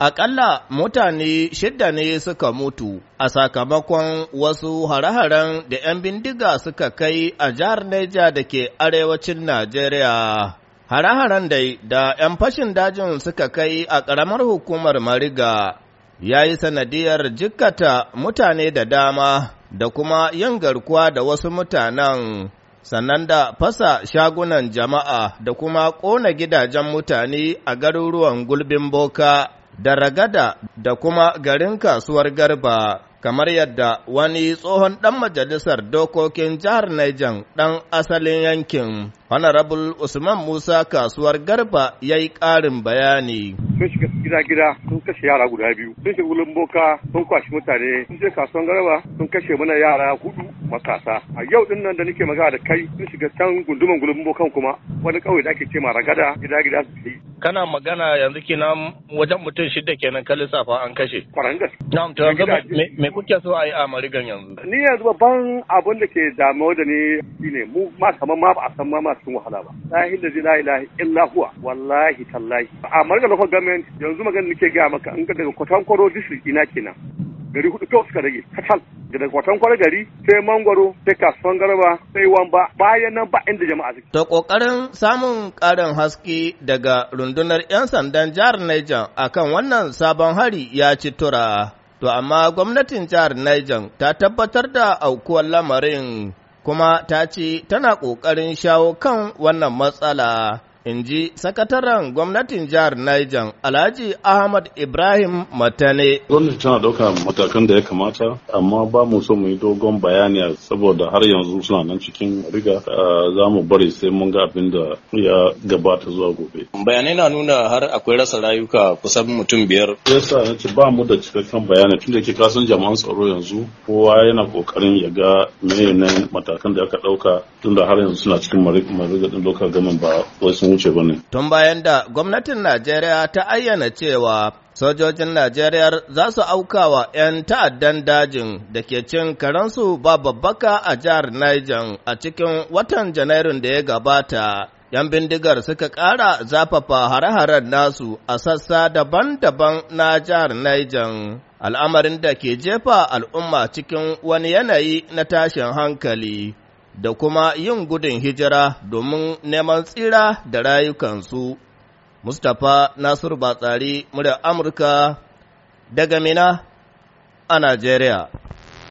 Aƙalla mutane shidda ne suka mutu a sakamakon wasu hare da ‘yan bindiga suka kai a jihar Neja da ke arewacin Najeriya. Hare-haren dai da ‘yan fashin dajin suka kai a ƙaramar hukumar Mariga ya yi sanadiyar jikkata mutane da dama da kuma yin garkuwa da wasu mutanen. sannan da fasa shagunan jama'a da kuma ƙona gidajen mutane a garuruwan gulbin boka da ragada da kuma garin kasuwar garba kamar yadda wani tsohon ɗan majalisar dokokin jihar Niger ɗan asalin yankin Honorable Usman Musa kasuwar Garba ya yi ƙarin bayani. Sun shiga gida-gida sun kashe yara guda biyu, sun shiga wulin boka sun kwashi mutane, sun je kasuwar Garba sun kashe mana yara hudu matasa a yau din nan da nake magana da kai sun shiga can gunduman gulubin bokan kuma wani kauye da ake ce ragada gida gida su yi kana magana yanzu kenan wajen mutum shida kenan ka lissafa an kashe kwaran gaske na'am to yanzu me kuke so a yi a marigan yanzu ni yanzu babban abin da ke damuwa da ni shine mu ma kamar ma ba a san ma ma cikin wahala ba lahi da lahi lahi illa huwa wallahi tallahi a marigan local government yanzu magana nake gaya maka in ka daga kwatankwaro district ina kenan gari hudu kawai suka rage kacal daga kwatan kwar gari sai mangwaro sai kasuwan garba sai wamba bayan nan ba inda jama'a suke. To kokarin samun karin haske daga rundunar 'yan sandan jihar Niger akan wannan sabon hari ya ci tura. To amma gwamnatin jihar Niger ta tabbatar da aukuwar lamarin kuma ta ce tana ƙoƙarin shawo kan wannan matsala. in ji sakataren gwamnatin jihar Niger Alhaji Ahmad Ibrahim Matane. Gwamnati tana ɗauka matakan da ya kamata, amma ba mu so mu yi dogon bayani saboda har yanzu suna nan cikin riga za mu bari sai mun ga abin da ya gabata zuwa gobe. Bayanai na nuna har akwai rasa rayuka kusan mutum biyar. Yasa na ce ba mu da cikakken bayani tun da ke kasan jama'an tsaro yanzu kowa yana kokarin ya ga menene matakan da aka ɗauka tun da har yanzu suna cikin marigadin ɗaukar gamin ba wasu wuce ba Tun bayan da gwamnatin Najeriya ta ayyana cewa sojojin Najeriya za su auka wa 'yan ta'addan dajin da ke cin karensu ba babbaka a jihar Niger a cikin watan Janairun da ya gabata. 'Yan bindigar suka ƙara zafafa hare-haren nasu a sassa daban-daban na jihar Niger, al'amarin da ke jefa al'umma cikin wani yanayi na tashin hankali. da kuma yin gudun hijira domin neman tsira da rayukansu. Mustapha Nasiru Batsari, murya Amurka, daga Mina a Najeriya.